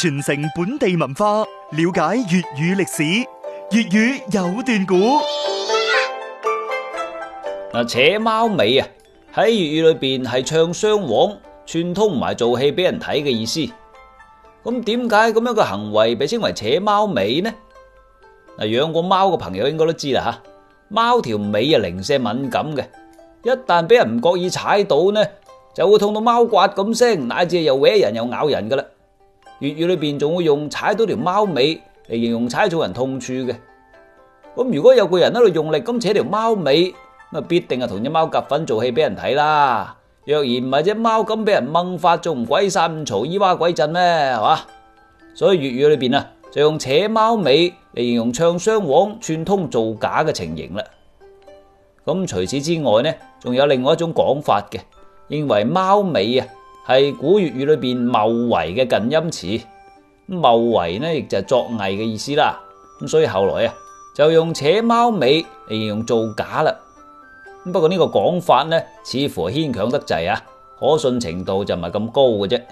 傳承本地文化，了解粵語歷史，粵語有段古啊。扯貓尾啊，喺粵語裏邊係唱雙簧，串通埋做戲俾人睇嘅意思。咁點解咁樣嘅行為被稱為扯貓尾呢？嗱，養過貓嘅朋友應該都知啦吓，貓條尾啊零舍敏感嘅，一旦俾人唔覺意踩到呢，就會痛到貓刮咁聲，乃至又搲人又咬人噶啦。粵語裏邊仲會用踩到條貓尾嚟形容踩到人痛處嘅，咁如果有個人喺度用力咁扯條貓尾，咁啊必定係同隻貓夾粉做戲俾人睇啦。若然唔係隻貓，咁俾人掹髮，仲唔鬼散咁嘈咿哇鬼震咩？係嘛？所以粵語裏邊啊，就用扯貓尾嚟形容唱雙簧串通造假嘅情形啦。咁除此之外呢，仲有另外一種講法嘅，認為貓尾啊。係古粵語裏邊“謬為”嘅近音詞，“謬為”呢亦就係作偽嘅意思啦。咁所以後來啊，就用扯貓尾嚟用造假啦。咁不過呢個講法呢，似乎牽強得滯啊，可信程度就唔係咁高嘅啫。